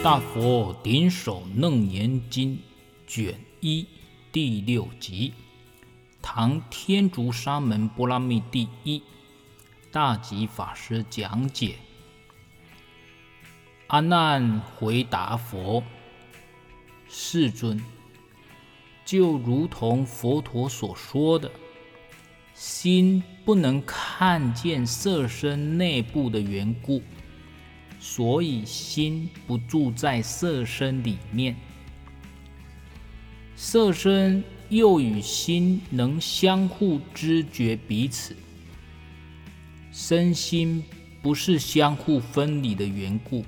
大佛頂首楞嚴經卷一第六集，唐天竺沙門般剌蜜帝譯大寂法師講解。阿難回答佛：世尊，就如同佛陀所說的，心不能看見色身內部的緣故。所以心不住在色身裡面，色身又與心能相互知覺彼此，身心不是相互分離的緣故，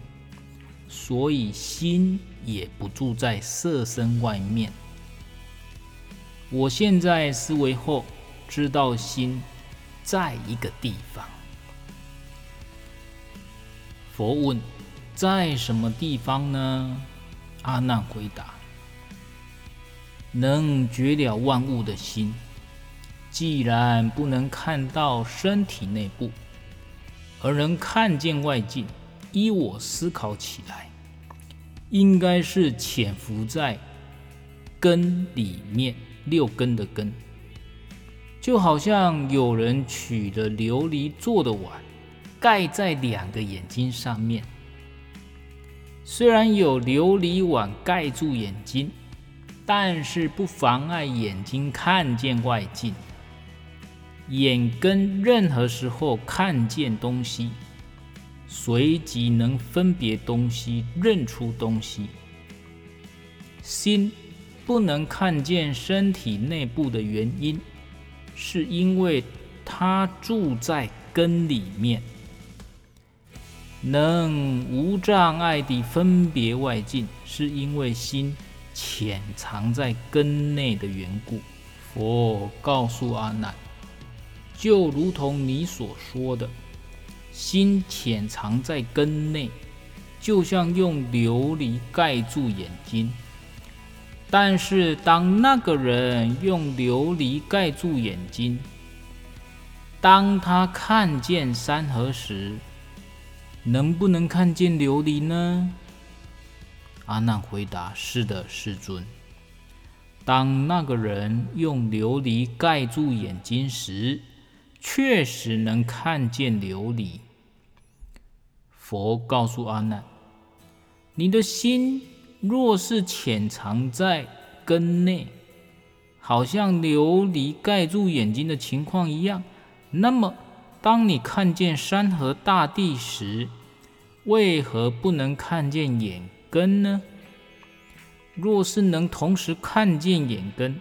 所以心也不住在色身外面。我現在思維後，知道心在一個地方。佛問：“在什麼地方呢？”阿難回答：“能覺了萬物的心，既然不能看到身體內部，而能看見外境，依我思考起來，應該是潛伏在根裡面，六根的根，就好像有人取的琉璃做的碗。”蓋在兩個眼睛上面，雖然有琉璃碗蓋住眼睛，但是不妨礙眼睛看見外境。眼根任何時候看見東西，隨即能分別東西、認出東西。心不能看見身體內部的原因，是因為它住在根裡面。能無障礙地分別外境，是因為心潛藏在根內的緣故。佛、哦、告訴阿難，就如同你所說的，心潛藏在根內，就像用琉璃蓋住眼睛。但是，當那個人用琉璃蓋住眼睛，當他看見山河時，能不能看見琉璃呢？阿難回答：“是的，世尊。當那個人用琉璃蓋住眼睛時，確實能看見琉璃。”佛告訴阿難：“你的心若是潛藏在根內，好像琉璃蓋住眼睛的情況一樣，那麼。”當你看見山河大地時，為何不能看見眼根呢？若是能同時看見眼根，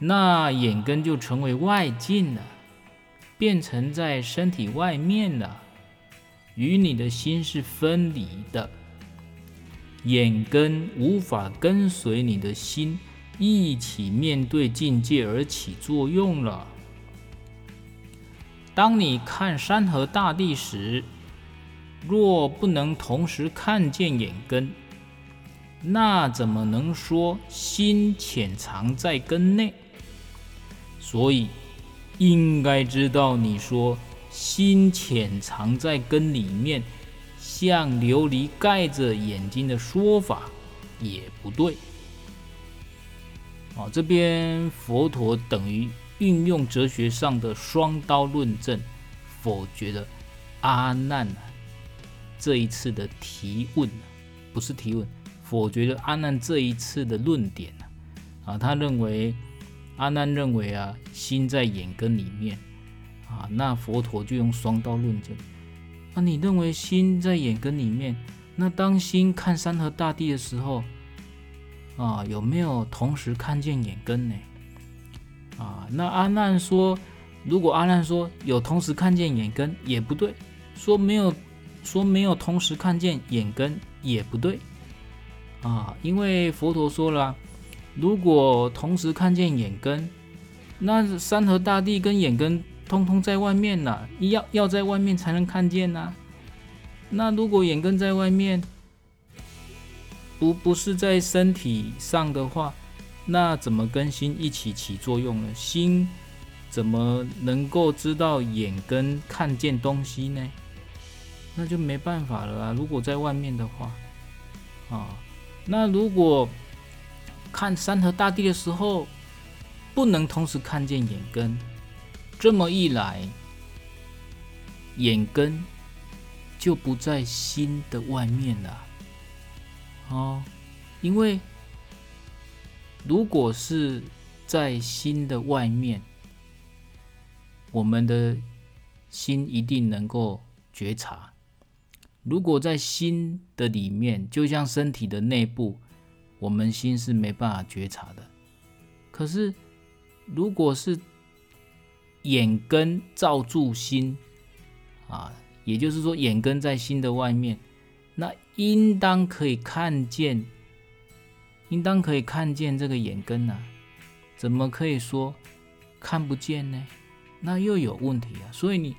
那眼根就成為外境了，變成在身體外面了，與你的心是分離的。眼根無法跟隨你的心，一起面對境界而起作用了。當你看山河大地時，若不能同時看見眼根，那怎麼能說心潛藏在根內？所以，應該知道你說心潛藏在根裡面，像琉璃蓋着眼睛的說法也不對。好，這邊佛陀等於。運用哲學上的雙刀論證，否決了阿難這一次的提問，不是提問，否決了阿難這一次的論點啊，他認為，阿難認為啊，心在眼根裡面啊，那佛陀就用雙刀論證。啊，那你認為心在眼根裡面，那當心看山河大地的時候，啊，有沒有同時看見眼根呢？啊，那阿難說，如果阿難說有同時看見眼根也不對，說沒有，說沒有同時看見眼根也不對。啊，因為佛陀說了，如果同時看見眼根，那山河大地跟眼根通通在外面呢，啊，要要在外面才能看見呢，啊。那如果眼根在外面，不不是在身體上的話。那怎麼跟心一起起作用呢？心怎麼能夠知道眼根看見東西呢？那就沒辦法了啊！如果在外面的話，啊，那如果看山河大地的時候，不能同時看見眼根，這麼一來，眼根就不在心的外面了，哦、啊，因為。如果是在心的外面，我們的心一定能夠覺察；如果在心的裡面，就像身體的內部，我們心是沒辦法覺察的。可是，如果是眼根照住心啊，也就是說，眼根在心的外面，那應當可以看見。應當可以看見這個眼根呢、啊，怎麼可以說看不見呢？那又有問題啊。所以你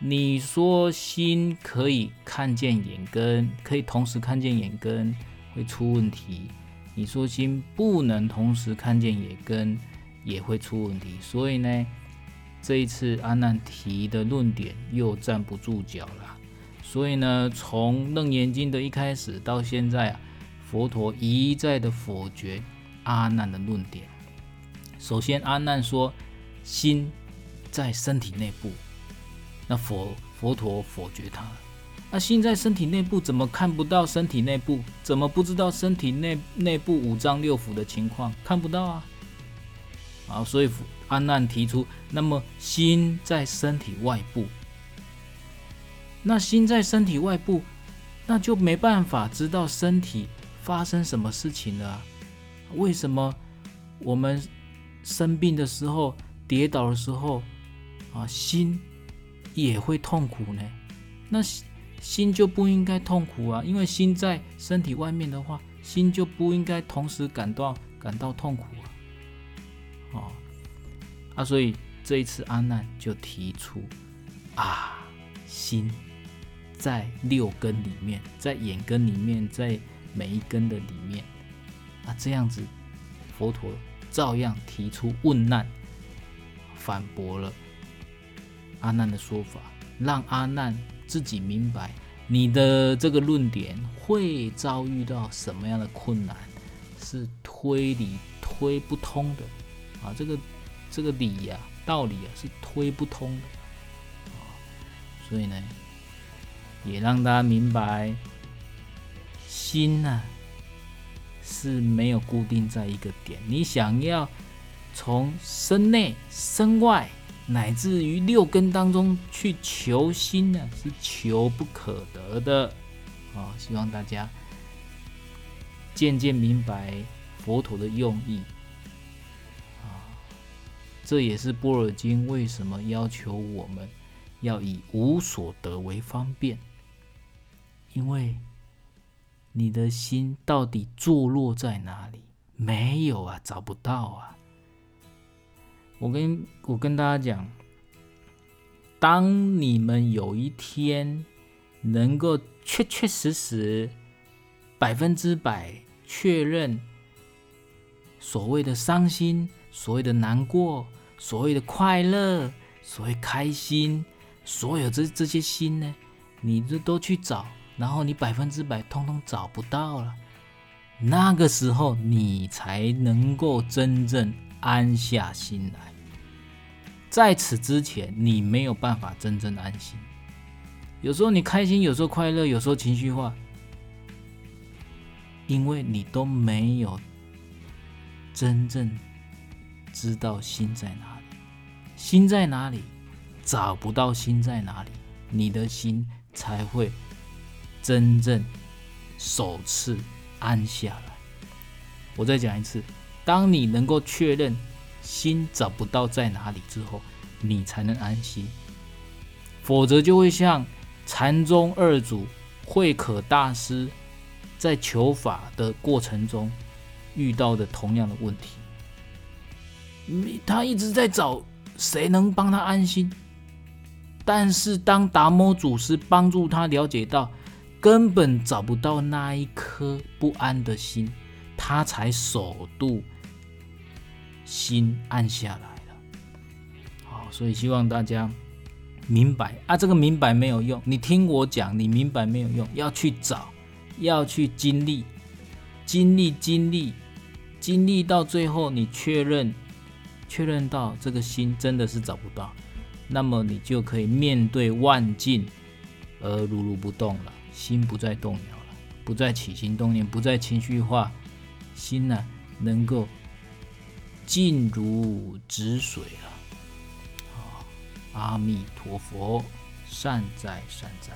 你說心可以看見眼根，可以同時看見眼根會出問題；你說心不能同時看見眼根也會出問題。所以呢，這一次阿難提的論點又站不住腳了。所以呢，從楞嚴經的一開始到現在啊。佛陀一再的否決阿難的論點。首先，阿難說心在身體內部，那佛佛陀否決他了。那心在身體內部，怎麼看不到身體內部？怎麼不知道身體內內部五臟六腑的情況？看不到啊！好，所以阿難提出，那麼心在身體外部，那心在身體外部，那就沒辦法知道身體。發生什麼事情了啊？為什麼我們生病的時候，跌倒的時候，啊，心也會痛苦呢？那心就不應該痛苦啊，因為心在身體外面的話，心就不應該同時感到感到痛苦啊。啊，所以這一次阿難就提出啊，心在六根裡面，在眼根裡面，在。每一根的裡面，啊，這樣子，佛陀照樣提出問難，反駁了阿難的說法，讓阿難自己明白你的這個論點會遭遇到什麼樣的困難，是推理推不通的啊，這個這個理呀、啊、道理啊是推不通的、啊，所以呢，也讓他明白。心呢、啊、是沒有固定在一個點，你想要從身內、身外，乃至於六根當中去求心呢、啊，是求不可得的。啊、哦，希望大家漸漸明白佛陀的用意。啊、哦，這也是般若經為什麼要求我們要以無所得為方便，因為。你的心到底坐落在哪裡？沒有啊，找不到啊！我跟我跟大家講，當你們有一天能夠確確實實百分之百確認所謂的傷心、所謂的難過、所謂的快樂、所謂開心，所有這這些心呢，你都都去找，然後你百分之百通通找不到了，那個時候你才能夠真正安下心來。在此之前，你沒有辦法真正安心。有時候你開心，有時候快樂，有時候情緒化，因為你都沒有真正知道心在哪裡。心在哪裡？找不到心在哪裡，你的心才會。真正首次安下來，我再講一次，當你能夠確認心找不到在哪裡之後，你才能安心，否則就會像禪宗二祖慧可大師在求法的過程中遇到的同樣的問題。他一直在找誰能幫他安心，但是當達摩祖師幫助他了解到。根本找不到那一顆不安的心，他才首度心安下來了。好，所以希望大家明白啊，這個明白沒有用，你聽我講，你明白沒有用，要去找，要去經歷，經歷經歷經歷到最後你，你確認確認到這個心真的是找不到，那麼你就可以面對萬境而如如不動了。心不再動搖了，不再起心動念，不再情緒化，心呢，啊，能夠靜如止水了，哦。阿彌陀佛，善哉善哉。